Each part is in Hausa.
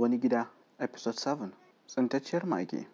Wani gida, Episode 7, Tsintacciyar mage.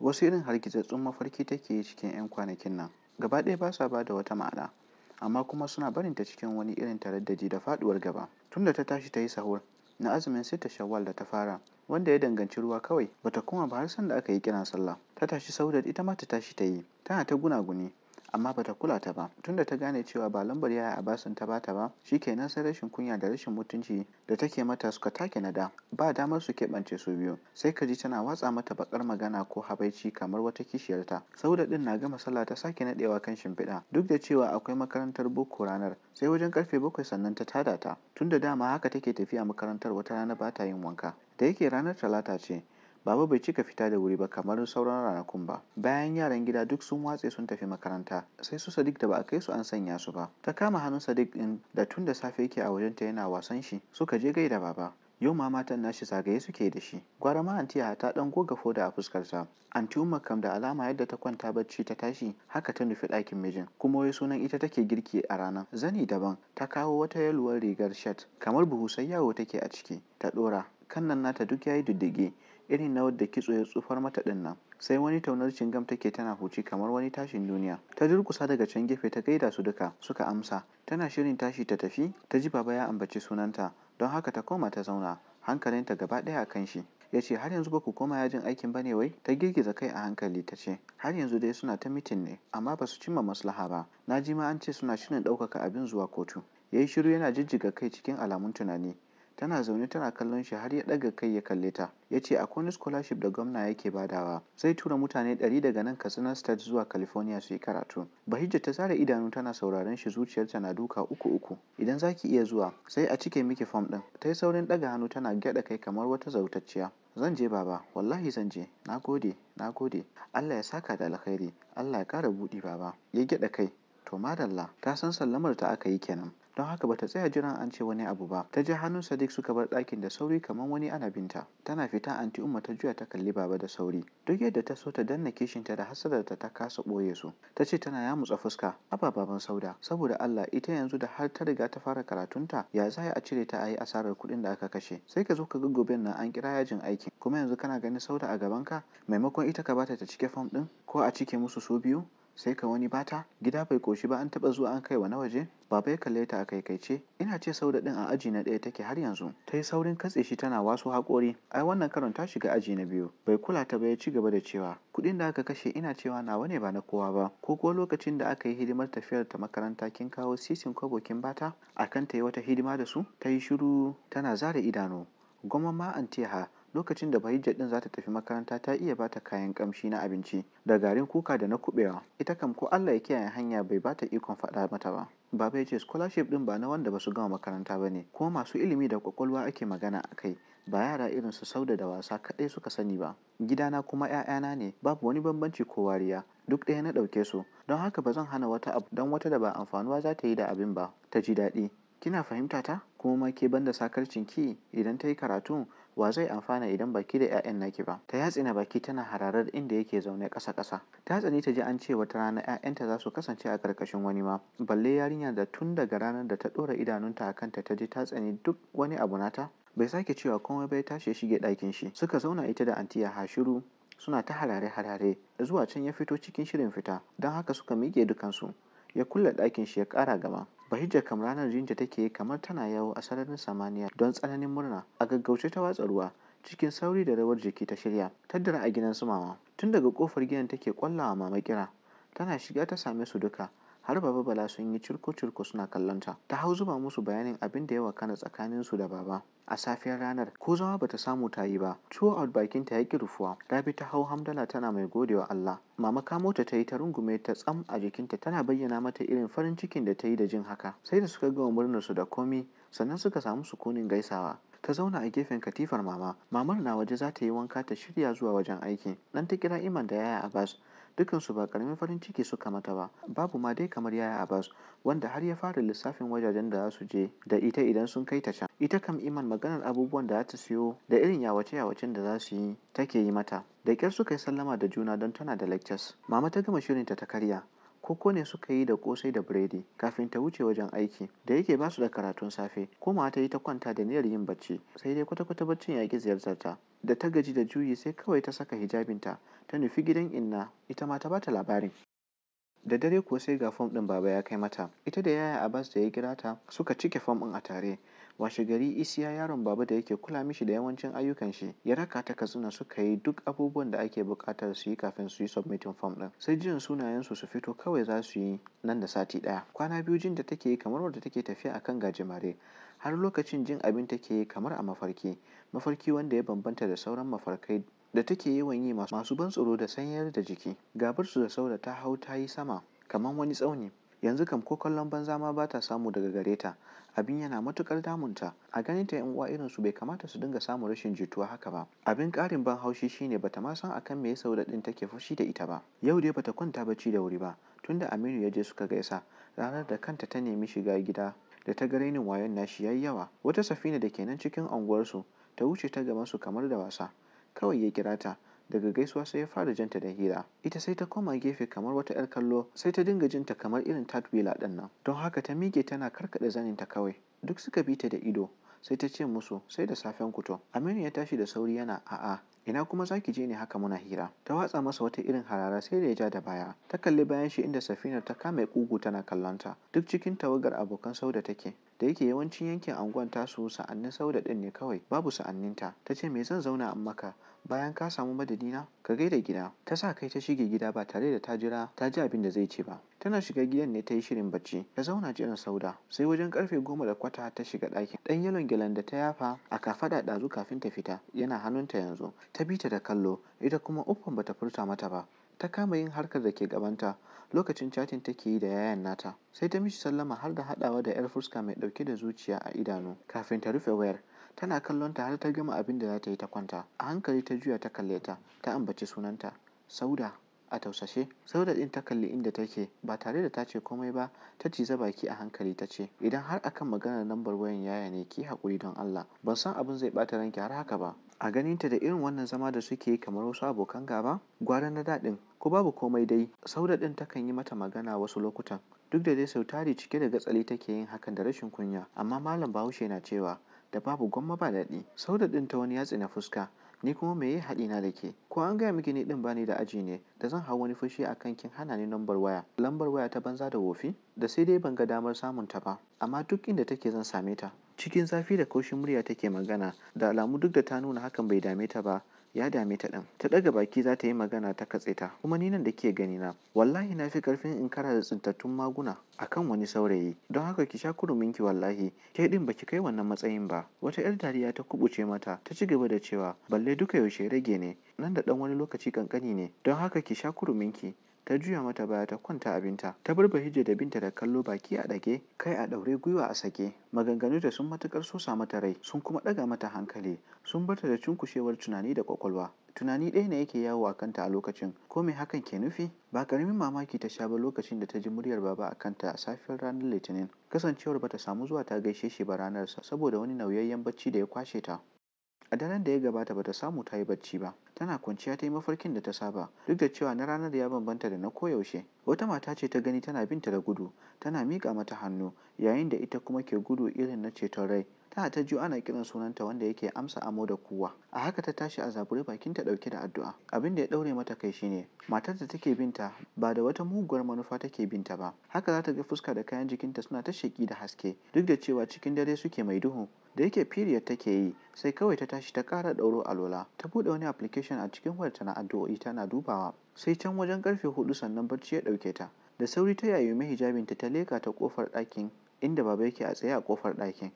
Wasu irin hargitsattsun mafarki take yi cikin 'yan kwanakin nan, gaba ɗaya ba sa ba da wata ma'ana, amma kuma suna barin ta cikin wani irin taraddaji da faɗuwar gaba. Tunda ta tashi ta yi sahur, na azumin sita shawwal da ta fara, wanda ya danganci ruwa kawai, bata koma ba har sanda aka yi kiran sallah. Ta tashi Saudat ita ma ta tashi ta yi, tana ta gunaguni. amma bata kula ta ba. Tunda ta gane cewa ba lambar Yaya Abasan ta bata ba, shi ke sai rashin kunya da rashin mutunci da take mata suka take na da. Ba damar su keɓance su biyu, sai ka ji tana watsa mata baƙar magana ko habaici kamar wata kishiyarta. Sauda ɗin na gama sallah ta sake naɗewa kan shimfiɗa, duk da cewa akwai makarantar boko ranar, sai wajen karfe bakwai sannan ta tada ta. Tun da dama haka take tafiya makarantar wata rana bata yin wanka. Da yake ranar Talata ce, Baba bai cika fita da wuri ba kamar sauran ranakun ba. Bayan yaran gida duk sun watse sun tafi makaranta, sai su Sadiq da ba a kai su an sanya su ba. Ta kama hannun Sadiq din da tun da safe yake a wajenta yana wasan shi, suka je gaida baba. Yau ma matan nashi zagaye suke da shi. Gwara ma antiya ta ɗan goga foda a fuskarsa. Anti Umma kam da alama yadda ta kwanta bacci ta tashi haka ta nufi ɗakin mijin. Kuma wai sunan ita take girki a ranar. Zani daban ta kawo wata yaluwar rigar shat kamar buhu sai yawo take a ciki. Ta ɗora. Kannan nata duk yayi diddige. irin na wadda kitso ya tsufar mata ɗin nan sai wani taunar cingam take tana huci kamar wani tashin duniya ta durkusa daga can gefe ta gaida su duka suka amsa tana shirin tashi ta tafi ta ji baba ya ambaci sunanta don haka ta koma ta zauna hankalinta gaba ɗaya a kan shi ya ce har yanzu ba ku koma yajin aikin ba ne wai ta girgiza kai a hankali ta ce har yanzu dai suna ta mitin ne amma ba su cimma maslaha ba na ji ma an ce suna shirin ɗaukaka abin zuwa kotu ya yi shiru yana jijjiga kai cikin alamun tunani Tana zaune tana kallon shi har ya ɗaga kai ya kalle ta. Ya ce akwai wani scholarship da gwamna yake badawa. Zai tura mutane ɗari daga nan Katsina State zuwa California su yi karatu. Bahijja ta zare idanu tana sauraron shi zuciyarta na duka uku uku. Idan zaki iya zuwa sai a cike miki fom ɗin. Ta yi saurin ɗaga hannu tana gyaɗa kai kamar wata zautacciya. Zan je baba, wallahi zan je. Na gode, na gode. Allah ya saka da alkhairi. Allah ya kara buɗi baba. Ya gyaɗa kai. To madalla, ta san sallamar ta aka yi kenan. don haka bata tsaya jiran an ce wani abu ba ta ji hannun Sadiq suka bar ɗakin da sauri kamar wani ana binta tana fita anti Umma ta juya ta kalli baba da sauri duk yadda ta so ta danna kishinta da hasadarta ta kasa ɓoye su ta ce tana yamutsa fuska haba baban sauda saboda Allah ita yanzu da har ta riga ta fara karatunta ya za a cire ta a yi asarar kuɗin da aka kashe sai ka zo ka ga goben nan an kira yajin aiki kuma yanzu kana ganin sauda a gaban ka? maimakon ita ka bata ta cike fam ɗin ko a cike musu su biyu sai ka wani bata gida bai koshi ba an taba zuwa an kai wa na waje baba ya kalle ta a kai kaice. ina ce sauda ɗin a aji na ɗaya take har yanzu ta yi saurin katse shi tana wasu haƙori ai wannan karon ta shiga aji na biyu bai kula ta ba ya ci gaba da cewa kuɗin da aka kashe ina cewa nawa ne ba na kowa ba ko kuwa lokacin da aka yi hidimar tafiyar ta makaranta kin kawo sisin kwabokin kin bata akan ta yi wata hidima da su ta yi shiru tana zare idanu Gwamnati ma ha Lokacin da Bahijja din za ta tafi makaranta ta iya ba ta kayan kamshi na abinci da garin kuka da na kubewa. ita kam ko Allah ya kiyaye hanya bai ba ta ikon faɗa mata ba. Baba ya ce scholarship ɗin ba na wanda ba su gama makaranta ba ne, kuma masu ilimi da kwakwalwa ake magana a kai, ba yara irin su Sauda da wasa kaɗai suka sani ba. Gidana kuma 'ya'yana ne, babu wani bambanci ko wariya, duk ɗaya na ɗauke su, don haka ba zan hana wata abu don wata da ba amfanuwa za ta yi da abin ba, ta ji daɗi. Kina fahimta ta? Kuma ma ke banda sakarcin ki idan ta yi karatu wa zai amfana idan baki da 'ya'yan naki ba ta yatsina baki tana hararar inda yake zaune ƙasa ƙasa ta tsani ta ji an ce wata rana 'ya'yanta za su kasance a ƙarƙashin wani ma balle yarinya da tun daga ranar da ta ɗora idanunta a kanta ta ji ta tsani duk wani abu nata bai sake cewa komai bai tashi ya shige ɗakin shi suka zauna ita da antiya hashiru suna ta harare harare zuwa can ya fito cikin shirin fita don haka suka miƙe dukansu ya kulle ɗakin shi ya ƙara gama. Bahijja kam ranar jinta take kamar tana yawo a sararin samaniya don tsananin murna. A gaggauce ta watsa ruwa, cikin sauri da rawar jiki ta shirya. Taddara a gidan su mama. Tun daga kofar gidan take kwallawa mama kira. Tana shiga ta same su duka. har baba bala sun yi cirko-cirko suna kallonta ta hau zuba musu bayanin abin da ya wakana tsakanin su da baba a safiyar ranar ko zama bata samu ta yi ba a bakin ta ki rufuwa rabi ta hau hamdala tana mai godewa Allah mama kamo ta yi ta rungume ta tsam a jikinta tana bayyana mata irin farin cikin da ta yi da jin haka sai da suka gama murnar su da komi sannan suka samu sukunin gaisawa ta zauna a gefen katifar mama mamar na waje za ta yi wanka ta shirya zuwa wajen aiki dan ta kira iman da yaya abbas Dukansu ba ƙaramin farin ciki suka mata ba, babu ma dai kamar Yaya Abbas wanda har ya fara lissafin wajajen da za su je da ita idan sun kai ta can. Ita kam Iman maganar abubuwan da za ta siyo da irin yawace-yawacen da za su yi take yi mata. Da ƙyar suka yi sallama da juna don tana da lectures. Mama ta gama shirinta ta karya. koko ne suka yi da kosai da biredi kafin ta wuce wajen aiki da yake ba su da karatun safe komawa ta yi ta kwanta da niyyar yin bacci sai dai kwata-kwata baccin ya ki ziyartar ta da ta gaji da juyi sai kawai ta saka hijabinta ta nufi gidan inna ita ma ta bata labarin Da dare kuwa sai ga fom ɗin baba ya kai mata, ita da yaya Abbas da ya kira ta suka cike fom ɗin a tare. washe gari Isiya yaron baba da yake kula mishi da yawancin ayyukan shi ya raka ta Katsina suka yi duk abubuwan da ake buƙatar su yi kafin su yi submitting fom ɗin. Sai jiyan sunayen su su fito kawai za su yi nan da sati ɗaya. Kwana biyu jin da take yi kamar wadda take tafiya akan kan gajimare. Har lokacin jin abin take yi kamar a mafarki, mafarki wanda ya bambanta da sauran mafarkai da take yawan yi masu ban tsoro da sanyar da jiki gabarsu da saura ta hau ta yi sama kamar wani tsauni yanzu kam ko kallon banza ma ba ta samu daga gare ta abin yana matukar damunta a ganin ta yan uwa irin su bai kamata su dinga samun rashin jituwa haka ba abin karin ban haushi shine bata ma san akan me yasa din take fushi da ita ba yau dai bata kwanta bacci da wuri ba tunda Aminu ya je suka gaisa ranar da kanta ta nemi shiga gida da ta ga wayan wayon nashi yayi yawa wata safina da ke nan cikin unguwarsu ta wuce ta gaban su kamar da wasa kawai ya kira ta daga gaisuwa sai ya fara janta da hira ita sai ta koma gefe kamar wata 'yar kallo sai ta dinga jinta kamar irin tatwila din nan don haka ta miƙe tana karkaɗa zaninta kawai duk suka bi ta da ido sai ta ce musu sai da safen kuto aminu ya tashi da sauri yana a'a ina kuma zaki je ne haka muna hira ta watsa masa wata irin harara sai da ya ja da baya ta kalli bayan shi inda safinar ta kame kugu tana kallonta duk cikin tawagar abokan sauda take da yake yawancin yankin anguwan tasu sa'annin sauda din ne kawai babu sa'anninta ta ce me zan zauna an maka Bayan ka samu madadi na, ka gaida gida. Ta sa kai ta shige gida ba tare da ta jira ta ji abin da zai ce ba. Tana shiga gidan ne ta yi shirin bacci. Ta zauna jiran Sauda. Sai wajen karfe goma da kwata ta shiga ɗakin. Ɗan yalon gyalen da ta yafa a kafaɗa ɗazu kafin ta fita yana hannunta yanzu. Ta bi ta da kallo, ita kuma uffan bata furta mata ba. ta kama yin harkar da ke gabanta lokacin chatin take yi da yayan nata sai ta mishi sallama har da haɗawa da 'yar fuska mai ɗauke da zuciya a idanu kafin ta rufe wayar Tana kallon ta har ta gama abin da za ta yi ta kwanta. A hankali ta juya ta kalle ta, ta ambaci sunanta, Sauda a tausashe. Sauda ɗin ta kalli inda take ba tare da ta ce komai ba. Ta ciza baki a hankali ta ce, "Idan har akan maganar lambar wayan yaya ne ki hakuri haƙuri don Allah. Ban san abin zai ɓata ranki har haka ba." A ganinta da irin wannan zama da suke yi kamar wasu abokan gaba, gwara na daɗin, Ko babu komai dai, Sauda ɗin takan yi mata magana wasu lokutan. Duk da dai sau tari cike da gatsali take yin hakan da rashin kunya. Amma malam Bahaushe na cewa da babu gwamma ba daɗi. da ɗin ta wani yatsi na fuska, ni kuma me ya na da ke? Ko an gaya miki ni ɗin bani da aji ne, da zan hau wani fushi a kan kin hana ni lambar waya. Lambar waya ta banza da wofi? Da sai dai ban ga damar samun ta ba, amma duk inda take zan same ta. Cikin zafi da kaushin murya take magana, da alamu duk da ta nuna hakan bai dame ta ba. ya dame ta ɗin ta ɗaga baki za ta yi magana ta katse ta kuma ni nan da ke gani na wallahi na fi karfin in kara da tsintattun maguna A kan wani saurayi don haka ki sha kurumin ki wallahi ke din baki kai wannan matsayin ba wata yar dariya ta kubuce mata ta ci gaba da cewa balle duka yaushe rage ne nan da ɗan wani lokaci kankani ne don haka ki sha kurumin ki ta juya mata baya ta kwanta abinta ta bar hijja da binta da kallo baki a ɗage kai a ɗaure gwiwa a sake maganganu da sun matukar sosa mata rai sun kuma ɗaga mata hankali sun barta da cunkushewar tunani da kwakwalwa tunani ɗaya ne yake yawo a kanta a lokacin ko me hakan ke nufi ba karamin mamaki ta sha ba lokacin da ta ji muryar baba a kanta a safiyar ranar litinin kasancewar bata samu zuwa ta gaishe shi ba ranar saboda wani nauyayyen bacci da ya kwashe ta A daren da ya gabata bata samu ta yi bacci ba, tana kwanciya ta yi mafarkin da ta saba, duk da cewa na ranar ya bambanta da na koyaushe. Wata mata ce ta gani tana binta da gudu, tana mika mata hannu, yayin da ita kuma ke gudu irin na ceton rai. Ta ta jiyo ana kiran sunanta wanda yake amsa amo da kuwa a haka ta tashi a zabure bakin ta ɗauke da addu'a abin da ya daure mata kai shine matar da take binta ba da wata muguwar manufa take binta ba haka za ta ga fuska da kayan jikinta suna ta sheki da haske duk da cewa cikin dare suke mai duhu da yake period take yi sai kawai ta tashi ta ƙara ɗauro alola ta buɗe wani application a cikin wayarta na addu'o'i tana dubawa sai can wajen karfe hudu sannan barci ya ɗauke ta da sauri ta yayi hijabinta ta leka ta kofar ɗakin inda baba yake a tsaye a kofar ɗakin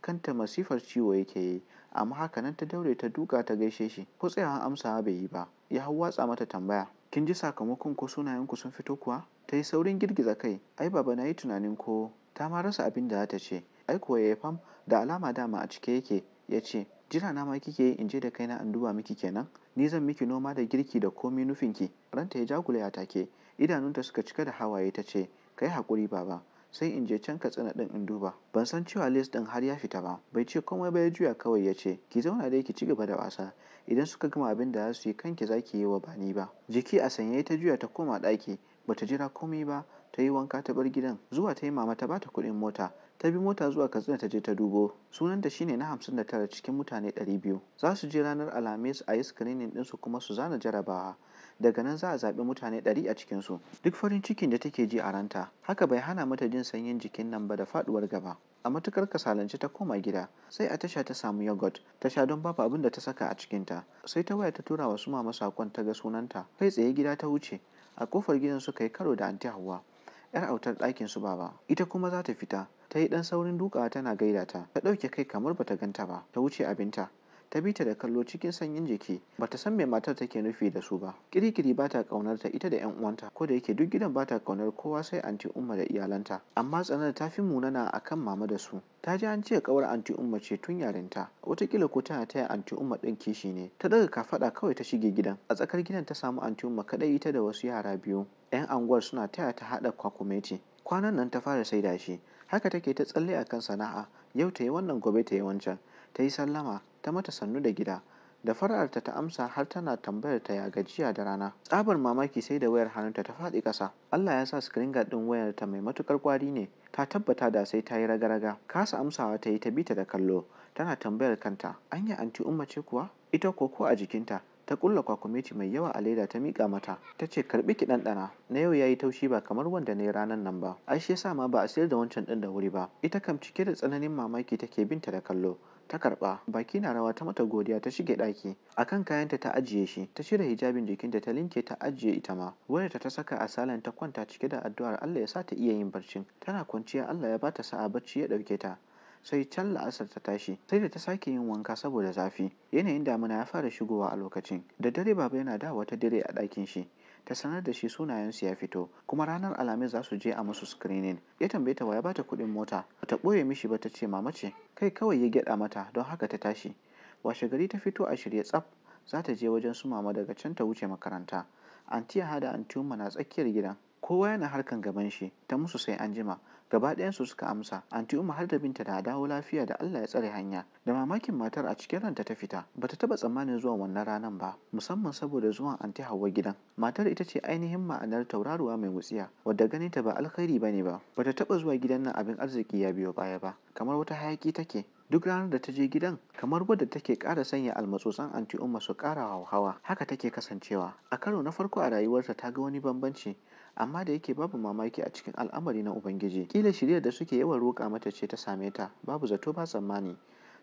kanta masifar ciwo yake yi, amma haka nan ta daure ta duka ta gaishe shi, ko tsayawa amsawa bai yi ba, ya hau watsa mata tambaya, kin ji sakamakon ko sunayenku sun fito kuwa? Ta yi saurin girgiza kai, ai baba na yi tunanin ko ta ma rasa abin da za ta ce, ai kuwa ya eh, fam da alama dama a cike yake, ya ce, jira na ma kike yi in je da kaina in duba miki kenan? Ni zan miki noma da girki da komi nufinki, ranta ya jagule a take, idanunta suka cika da hawaye ta ce, kai haƙuri baba, sai in je can katsina ɗin in duba ban san cewa les ɗin har ya fita ba bai ce komai ba ya juya kawai ya ce ki zauna dai ki ci gaba da wasa idan suka gama abin da za su yi kanki za ki yi wa bani ba jiki a sanye ta juya ta koma ɗaki Ba ta jira komai ba ta yi wanka ta bar gidan zuwa ta yi mama ta bata kuɗin mota ta bi mota zuwa katsina ta je ta dubo sunanta shine na hamsin da tara cikin mutane 200 za su je ranar alhamis a yi screening su kuma su zana jarabawa daga nan za a zaɓi mutane ɗari a cikinsu duk farin cikin da take ji a ranta haka bai hana mata jin sanyin jikin nan ba da faɗuwar gaba a matukar kasalance ta koma gida sai a tasha ta samu yogurt ta sha don babu abin da ta saka a cikinta sai ta waya ta tura wa su mama sakon ta ga sunanta kai tsaye gida ta wuce a kofar gidan suka yi karo da anti hawa yar autar ɗakin su baba ita kuma za ta fita ta yi ɗan saurin dukawa tana gaida ta ta ɗauke kai kamar bata ganta ba ta wuce abinta ta bi ta da kallo cikin sanyin jiki Ba ta san me matar take nufi da su ba kirikiri ba ta kaunar ta ita da yan uwanta ko da yake duk gidan ba ta kaunar kowa sai anti umma da iyalanta amma tsanar ta fi munana akan mama da su ta ji an ce kawar anti umma ce tun yarinta watakila ko tana taya anti umma ɗin kishi ne ta daga kafada kawai ta shige gidan a tsakar gidan ta samu anti umma kaɗai ita da wasu yara biyu yan anguwar suna taya ta haɗa kwakumeti kwanan nan ta fara saida shi haka take ta tsalle akan sana'a yau ta yi wannan gobe ta yi wancan ta yi sallama ta mata sannu da gida da fara'arta ta amsa har tana tambayar ta ya gajiya da rana tsabar mamaki sai da wayar hannunta ta faɗi ƙasa Allah ya sa screen guard ɗin wayar ta mai matukar kwari ne ta tabbata da sai ta yi raga-raga kasa amsawa ta yi ta bita da kallo tana tambayar kanta anya anti umma ce kuwa ita ko ko a jikinta ta kulla kwakumeti mai yawa a leda ta mika mata ta ce karɓi ki ɗanɗana na yau yayi taushi ba kamar wanda na yi ranar nan ba ai shi yasa ma ba a sayar da wancan ɗin da wuri ba ita kam cike da tsananin mamaki take binta da kallo ta karɓa baki na rawa ta mata godiya ta shige ɗaki akan kayanta ta ajiye shi ta shirya hijabin jikinta ta linke ta ajiye ita ma wayarta ta saka a salon ta kwanta cike da addu'ar Allah ya sa ta iya yin barcin tana kwanciya Allah ya bata sa'a barci ya ɗauke ta sai can la'asar ta tashi sai da ta sake yin wanka saboda zafi yanayin damina ya fara shigowa a lokacin da dare baba yana dawowa ta dare a ɗakin shi ta sanar da shi sunayensu ya fito kuma ranar alhamis za su je a musu screening ya tambaye ta waya bata kuɗin mota ta ɓoye mishi ba ta ce mama ce kai kawai ya gyaɗa mata don haka ta tashi washe gari ta fito a shirye tsaf za ta je wajen su mama daga can ta wuce makaranta antiya hada antiyuma na tsakiyar gidan kowa yana harkan gaban shi ta musu sai an jima gaba ɗayansu suka amsa anti umar har da binta da dawo lafiya da Allah ya tsare hanya da mamakin matar a cikin ranta ta fita bata taba tsammanin zuwa wannan ranan ba musamman saboda zuwan anti Hauwa gidan matar ita ce ainihin ma'anar tauraruwa mai wutsiya wadda ganin ta ba alkhairi bane ba bata taɓa zuwa gidan nan abin arziki ya biyo baya ba kamar wata hayaki take duk ranar da ta je gidan kamar wadda take ƙara sanya almatsotsan anti umma su ƙara hauhawa haka take kasancewa a karo na farko a rayuwarta ta ga wani bambanci amma da yake babu mamaki a cikin al'amari na Ubangiji, ƙila shirya da suke yawan roƙa mata ce ta same ta, babu zato ba tsammani.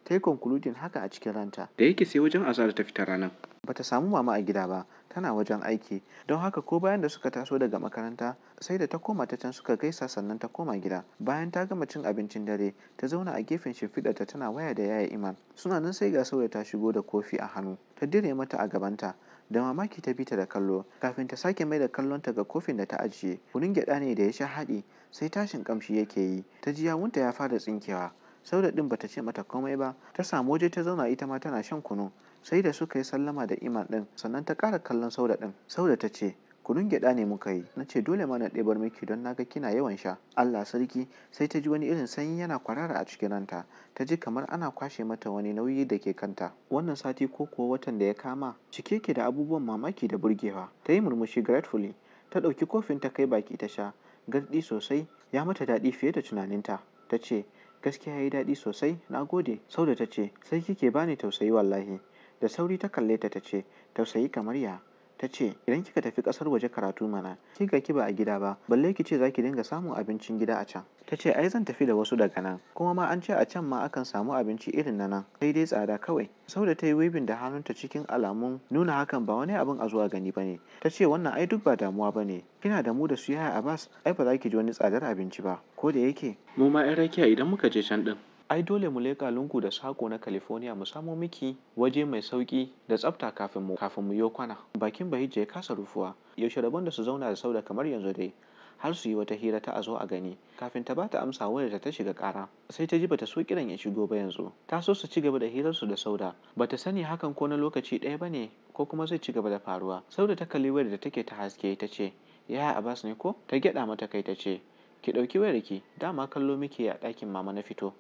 Ta yi konkuludin haka a cikin ranta. Da yake sai wajen azar ta fita ranar. Ba ta samu mama a gida ba, tana wajen aiki, don haka ko bayan da suka taso daga makaranta sai da ta koma ta can suka gaisa sannan ta koma gida. Bayan ta gama cin abincin dare, ta zauna a gefen ta tana waya da yaya Iman. Suna nan sai ga sauya ta shigo da kofi a hannu, ta dire mata a gabanta. da mamaki ta bi ta da kallo kafin ta sake mai da kallon ta ga kofin da ta ajiye kunun gyada ne da ya sha haɗi sai tashin kamshi yake yi ta ji yawunta ya fara tsinkewa da ɗin bata ce mata komai ba ta samu waje ta zauna ita ma tana shan kunu sai da suka yi sallama da iman ɗin sannan ta ƙara kallon da ɗin sauda ta ce kunun gyaɗa ne muka yi na ce dole ma na ɗebar miki don na ga kina yawan sha allah sarki sai ta ji wani irin sanyi yana kwarara a cikin ranta ta ji kamar ana kwashe mata wani nauyi da ke kanta wannan sati ko kuwa watan da ya kama cike ke da abubuwan mamaki da burgewa ta yi murmushi gratefully ta ɗauki kofin ta kai baki ta sha garɗi sosai ya mata daɗi fiye da tunaninta ta ce gaskiya ya yi daɗi sosai na gode sau da ta ce sai kike bani tausayi wallahi da sauri ta kalle ta ta ce tausayi kamar ya ta ce idan kika tafi ƙasar waje karatu mana kin ga ki a gida ba balle ki ce zaki dinga samun abincin gida a can ta ce ai zan tafi da wasu daga nan kuma ma an ce a can ma akan samu abinci irin na nan sai dai tsada kawai sau da ta yi wibin da hannunta cikin alamun nuna hakan ba wani abin a zuwa gani ba ne ta ce wannan ai duk ba damuwa ba ne kina da mu da su yaya abbas ai ba za ki ji wani tsadar abinci ba ko da yake mu ma 'yan rakiya idan muka je can din ai dole mu leƙa lungu da sako na California mu samo miki waje mai sauƙi da tsafta kafin mu kafin mu yi kwana. Bakin Bahijja ya kasa rufuwa, yaushe rabon da su zauna da Sauda kamar yanzu dai. har su yi wata hira ta a zo a gani kafin ta bata amsa wayarta ta shiga ƙara sai ta ji bata so kiran ya shigo ba yanzu ta so su ci gaba da hirar su da sauda bata sani hakan ko na lokaci ɗaya ba ne, ko kuma zai ci gaba da faruwa sauda ta kalli wayar da take ta haske ta ce yaya abbas ne ko ta gyada mata kai ta ce ki ɗauki wayar ki dama kallo muke a ɗakin mama na fito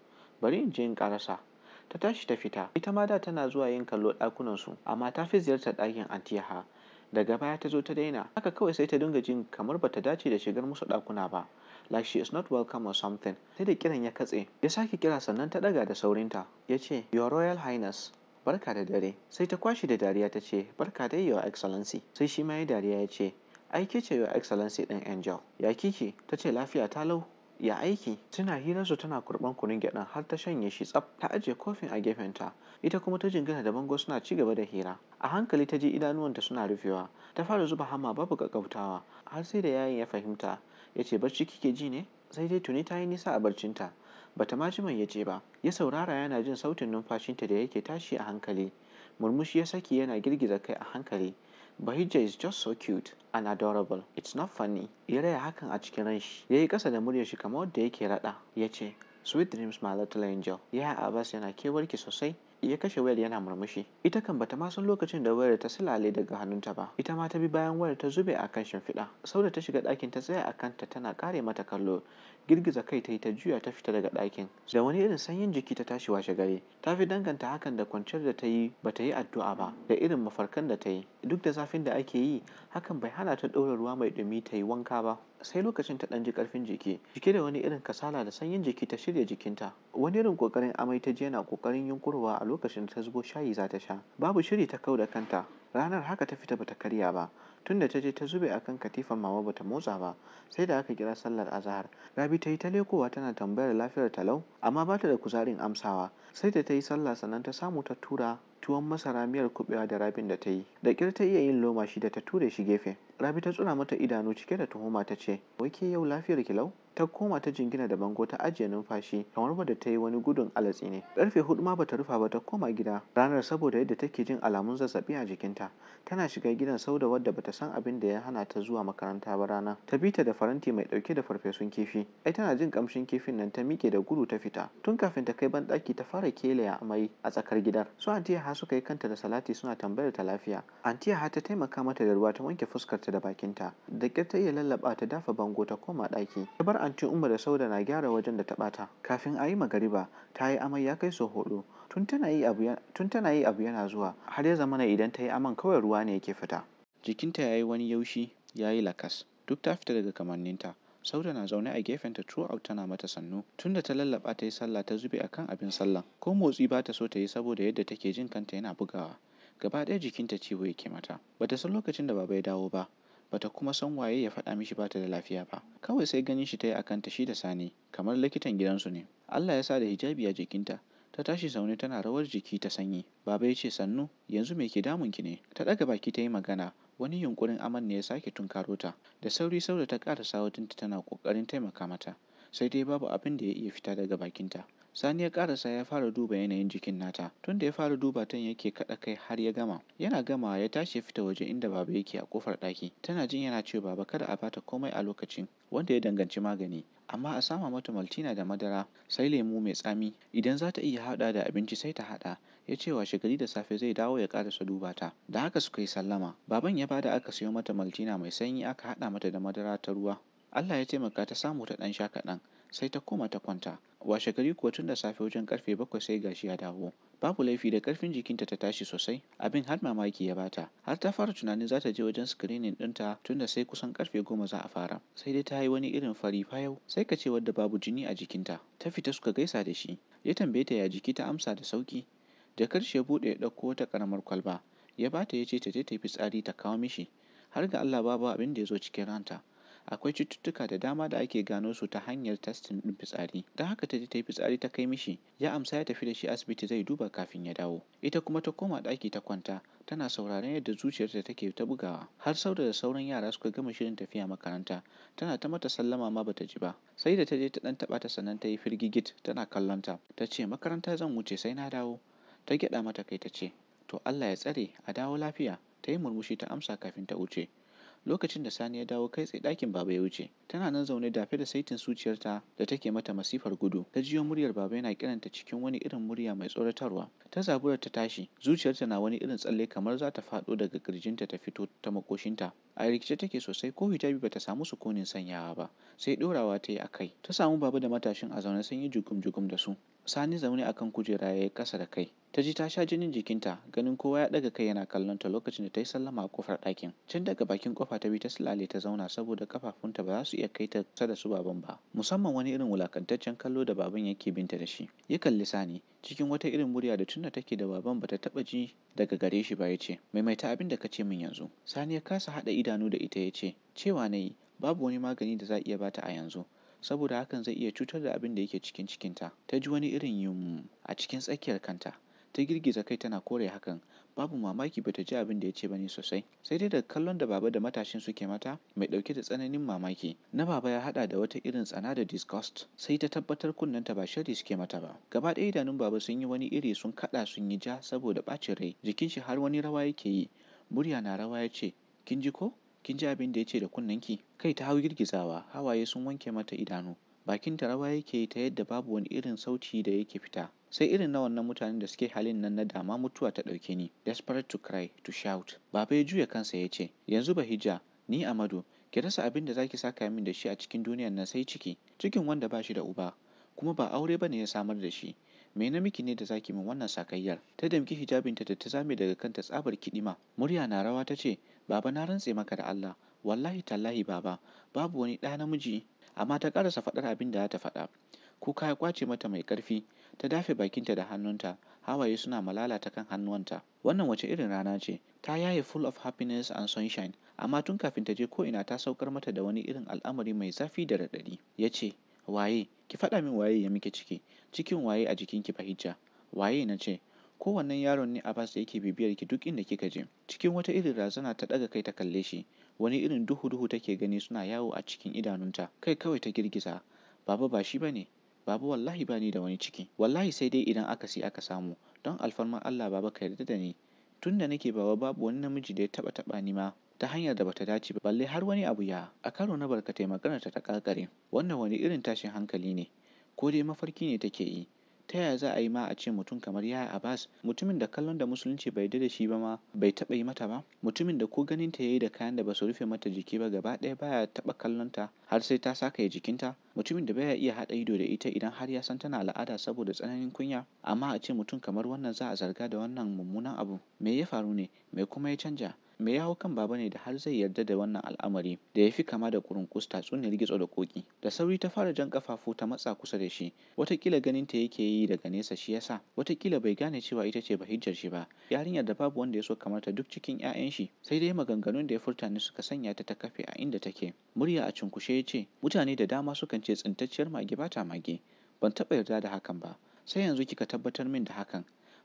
bari in je in karasa Ta tashi ta fita. Ita ma da tana zuwa yin kallo ɗakunansu amma ta fi ziyartar ɗakin antiyaha. Daga baya ta zo ta daina. Haka kawai sai ta dinga jin kamar bata dace da shigar musu ɗakuna ba. Like she is not welcome or something. Sai da kiran ya katse. Ya sake kira sannan ta daga da saurinta. Ya ce, Your Royal Highness, barka da dare. Sai ta kwashe da dariya ta ce, Barka dai Your Excellency. Sai shi ma ya dariya ya ce, Ai ce Your Excellency ɗin Angel. Ya kike? Ta ce lafiya ta lau. ya aiki tana su tana kurban kunun gyaɗan har ta shanye shi tsaf ta ajiye kofin a gefenta ita kuma ta jingina da bango suna ci gaba da hira a hankali ta ji idanuwanta suna rufewa ta fara zuba hama babu kakkautawa har sai da yayin ya fahimta ya ce barci kike ji ne sai dai tuni ta yi nisa a barcinta bata ma jiman ya ce ba ya saurara yana jin sautin numfashinta da yake tashi a hankali murmushi ya saki yana girgiza kai a hankali Bahija is just so cute and adorable. It's not funny. Ya raya hakan a cikin ranshi. Ya yi kasa da muryar shi kamar wadda yake raɗa. Ya ce, Sweet dreams my little angel. Ya Abbas yana kewarki sosai. ya kashe wayar yana murmushi ita kan bata ma san lokacin da wayar ta silale daga hannunta ba ita ma ta bi bayan wayar ta zube a kan shimfiɗa sau da ta shiga ɗakin ta tsaya a kanta tana kare mata kallo girgiza kai ta yi ta juya ta fita daga ɗakin da wani irin sanyin jiki ta tashi washe gare ta fi danganta hakan da kwanciyar da ta yi ba ta yi addu'a ba da irin mafarkan da ta yi duk da zafin da ake yi hakan bai hana ta ɗaura ruwa mai ɗumi ta yi wanka ba sai lokacin ta ɗan ji ƙarfin jiki jike da wani irin kasala da sanyin jiki ta shirya jikinta wani irin ƙoƙarin amai ta ji yana ƙoƙarin yunkurwa a lokacin da ta zubo shayi za ta sha babu shiri ta kau da kanta Ranar haka ta fita bata karya ba, tun da ta je ta zube a kan katifar mama bata motsa ba, sai da aka kira sallar azahar. Rabi ta yi ta lekowa tana tambayar lafiyar talau, amma ba ta da kuzarin amsawa. Sai da ta yi sallah sannan ta samu ta tura tuwon masara miyar kuɓewa da rabin da ta yi. Da ƙyar ta iya yin loma shi da ta ture shi gefe. Rabi ta tsura mata idanu cike da tuhuma ta ce, wai ke yau lafiyar ki lau? ta koma ta jingina da bango ta ajiye numfashi kamar wadda ta yi wani gudun alatsi ne karfe hudu ma bata rufa ba ta koma gida ranar saboda yadda take jin alamun zazzabi a jikinta tana shiga gidan sauda wadda bata san abin da ya hana ta zuwa makaranta ba rana ta bita da faranti mai dauke da farfesun kifi ai tana jin kamshin kifin nan ta miƙe da gudu ta fita tun kafin ta kai ban daki ta fara kelaya amai a tsakar gidan su antiya ha suka yi kanta da salati suna tambayar ta lafiya antiya ha ta taimaka mata da ruwa ta wanke fuskarta da bakinta da ƙyar ta iya lallaba ta dafa bango ta koma daki ta bar anti Umma da Sauda na gyara wajen da ta ɓata. Kafin a yi magariba, ta yi amai ya kai su hudu, Tun tana yi abu yana zuwa, har ya zama na idan ta yi aman kawai ruwa ne yake fita. Jikinta ya yi wani yaushi, ya yi lakas. Duk ta fita daga kamanninta. Sauda na zaune a gefenta throughout tana mata sannu. Tun da ta lallaɓa ta yi sallah ta zube a kan abin sallah. Ko motsi ba ta so ta yi saboda yadda take jin kanta yana bugawa. Gaba ɗaya jikinta ciwo yake mata. bata san lokacin da baba ya dawo ba. bata kuma san waye ya faɗa mishi bata da lafiya ba. Kawai sai ganin shi ta yi a shi da Sani kamar likitan gidansu ne. Allah ya sa da hijabi a jikinta. Ta tashi zaune tana rawar jiki ta sanyi. Baba ya ce sannu yanzu me ke damun ki ne? Ta ɗaga baki ta yi magana wani yunkurin aman ne ya sake tunkaro ta. Da sauri saboda ta ƙara wajenta tana ƙoƙarin taimaka mata. Sai dai babu abin da ya iya fita daga bakinta. Sani ya karasa ya fara duba yanayin jikin nata, tunda ya fara duba ta yake kaɗa kai har ya gama. Yana gama ya tashi ya fita waje inda Baba yake a ƙofar ɗaki. Tana jin yana cewa Baba kada a bata komai a lokacin wanda ya danganci magani, amma a sama mata Maltina da madara sai lemu mai tsami, idan za ta iya haɗa da abinci sai ta haɗa. Ya ce washegari da safe zai dawo ya ƙarasa duba ta. Da haka suka yi sallama. Baban ya bada aka siyo mata Maltina mai sanyi aka haɗa mata da madara ta ruwa. Allah ya taimaka ta samu ta ɗan sha kaɗan. sai ta koma ta kwanta washe gari kuwa tun da safe wajen karfe bakwai sai gashi ya dawo babu laifi da karfin jikinta ta tashi sosai abin har mamaki ya bata har ta fara tunanin za ta je wajen screening tun da sai kusan karfe goma za a fara sai dai ta yi wani irin fari fayau sai ka ce wadda babu jini a jikinta ta fita suka gaisa da shi ya tambaye ta ya jiki ta amsa da sauki da karshe ya buɗe ya ɗauko wata karamar kwalba ya bata ya ce ta je ta yi fitsari ta kawo mishi har ga Allah babu abin da ya zo cikin ranta Akwai cututtuka da dama da ake gano su ta hanyar testin ɗin fitsari. Don haka ta je ta yi fitsari ta kai mishi, ya amsa ya tafi da shi asibiti zai duba kafin ya dawo. Ita kuma ta koma ɗaki ta kwanta tana sauraron yadda zuciyarta take ta bugawa. Har sau da sauran yara suka gama shirin tafiya makaranta, tana ta mata sallama ma ba ji ba. Sai da ta je ta ɗan taɓa ta sannan ta yi firgigit tana kallonta. Ta ce makaranta zan wuce sai na dawo. Ta gyaɗa mata kai ta ce to Allah ya tsare a dawo lafiya. Ta yi murmushi ta amsa kafin ta wuce. Lokacin da Sani ya dawo kai tsaye ɗakin Baba ya wuce, tana nan zaune dafe da saitin zuciyarta da take mata masifar gudu. Ta jiyo muryar Baba yana kiranta cikin wani irin murya mai tsoratarwa. Ta zabura ta tashi, zuciyarta na wani irin tsalle kamar za ta faɗo daga ƙirjinta ta fito ta makoshinta. A rikice take sosai ko hijabi bata samu sukunin sanyawa ba, sai ɗorawa ta yi a kai. Ta samu Baba da matashin a zaune sun yi jugum-jugum da su. Sani zaune akan kujera ya yi ƙasa da kai. Ta ji ta sha jinin jikinta ganin kowa ya ɗaga kai yana kallon ta lokacin da ta yi sallama a ƙofar ɗakin. Can daga bakin ƙofa ta bi ta silale ta zauna saboda ƙafafunta ba za su iya kai ta kusa da su baban ba. Musamman wani irin wulakantaccen kallo da baban yake binta da shi. Ya kalli Sani cikin wata irin murya da tunda take da baban ba ta taba ji daga gare shi ba ya ce maimaita abin da ka ce min yanzu. Sani ya kasa haɗa idanu da ita ya ce cewa na yi babu wani magani da za iya bata a yanzu. saboda hakan zai iya cutar da abin da yake cikin cikinta ta ji wani irin yunmu a cikin tsakiyar kanta ta girgiza kai tana kore hakan. Babu mamaki ba ta ji abin da ya ce ba ne sosai. Sai dai daga kallon da baba da matashin suke mata mai ɗauke da tsananin mamaki. Na baba ya haɗa da wata irin tsana da disgust sai ta tabbatar kunnenta ba shari suke mata ba. Gaba ɗaya idanun baba sun yi wani iri sun kaɗa sun yi ja saboda ɓacin rai. Jikin shi har wani rawa yake yi. Murya na rawa ya ce, Kin ji ko? Kin ji abin da ya ce da kunnenki? Kai ta hau girgizawa, hawaye sun wanke mata idanu. bakinta rawa yake ta yadda babu wani irin sauti da yake fita. sai irin na wannan mutanen da suke halin nan na dama mutuwa ta ɗauke ni desperate to cry to shout baba ya juya kansa ya ce yanzu ba hijja. ni amadu ki rasa abin da zaki saka min da shi a cikin duniyar nan sai ciki cikin wanda ba shi da uba kuma ba aure ba ne ya samar da shi me na miki ne da zaki min wannan sakayyar ta damki hijabinta da ta zame daga kanta tsabar kidima murya na rawa ta ce baba na rantse maka da Allah Wallahi tallahi baba babu wani ɗa namiji. Amma ta ƙarasa faɗar abin da za ta faɗa. Kuka ya kwace mata mai ƙarfi. Ta dafe bakinta da hannunta. Hawaye suna malala ta kan hannuwanta. Wannan wace irin rana ce? Ta yaye full of happiness and sunshine. Amma tun kafin ta je ko ina ta saukar mata da wani irin al'amari mai zafi da raɗaɗi. Ya ce, Waye, ki faɗa min waye ya miki ciki, cikin waye a jikinki hijja Waye na ce, Ko yaron ne Abbas da yake bibiyar ki duk inda kika je. Cikin wata irin razana ta ɗaga kai ta kalle shi. Wani irin duhu duhu take gani suna yawo a cikin idanunta. Kai kawai ta girgiza. Baba ba shi ba Baba wallahi ba da wani ciki. Wallahi sai dai idan aka si aka samu. Don alfarman Allah baba ka yarda da ni. Tunda nake baba babu wani namiji da ya taba taɓa ni ma ta hanyar da bata dace ba balle har wani abu ya. A karo na barkatai maganarta ta kakare Wannan wani irin tashin hankali ne? Ko dai mafarki ne take yi? ta yaya za a yi ma a ce mutum kamar Yaya Abbas mutumin da kallon da musulunci bai yarda da shi ba ma bai taɓa yi mata ba mutumin da ko ganin ta yayi da kayan da ba su rufe mata jiki ba gaba ɗaya baya taɓa kallon ta har sai ta saka sakaye jikinta mutumin da baya iya haɗa ido da ita idan har ya san tana al'ada saboda tsananin kunya amma a ce mutum kamar wannan za a zarga da wannan mummunan abu me ya faru ne me kuma ya canja Me ya hau kan baba ne da har zai yarda da wannan al'amari da ya fi kama da kurunkus tatsuniyar gizo da koki Da sauri ta fara jan kafafu ta matsa kusa da shi, watakila ganin ta yake yi daga nesa shi yasa, watakila bai gane cewa ita ce bahijjar shi ba. Yarinyar da babu wanda ya so kamar ta duk cikin 'ya'yan shi, sai dai maganganun da ya furta ne suka sanya ta ta kafe a inda take. Murya a cunkushe ya ce, mutane da dama sukan ce tsintacciyar mage bata mage, ban taɓa yarda da hakan ba, sai yanzu kika tabbatar min da hakan.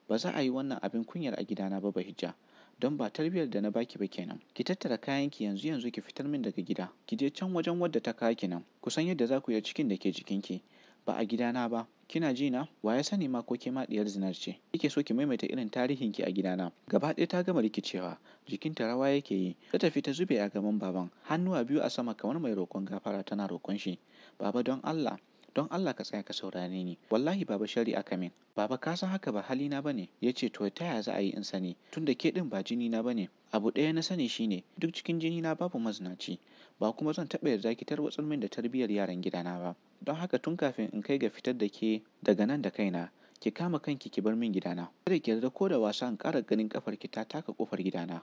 Ba za a yi wannan abin kunyar a gidana ba bahijja. don ba tarbiyyar da na baki ba kenan. Ki tattara kayanki yanzu yanzu ki fitar min daga gida. Ki je can wajen wadda ta kawo ki nan. Ku san yadda za ku yi cikin da ke jikinki. Ba a gidana ba. Kina ji na? Wa ya sani ma ko ke ma diyar zinar ce? Kike so ki maimaita irin tarihin ki a gida na Gaba ɗaya ta gama rikicewa. Jikinta rawa yake yi. Ta tafi ta zube a gaban baban. Hannuwa biyu a sama kamar mai roƙon gafara tana roƙon shi. Baba don Allah don Allah ka tsaya ka saurare ni wallahi baba shari aka min baba ka san haka ba hali na bane ya ce to ta yaya za a yi in sani tunda ke din ba jini na bane abu ɗaya na sani shine duk cikin jini na babu mazinaci ba kuma zan taɓa yarda ki tarwatsar min da tarbiyyar yaran gidana ba don haka tun kafin in kai ga fitar da ke daga nan da kaina ki kama kanki ki bar min gidana kada ki yarda ko da wasa in ƙara ganin kafar ki ta taka kofar gidana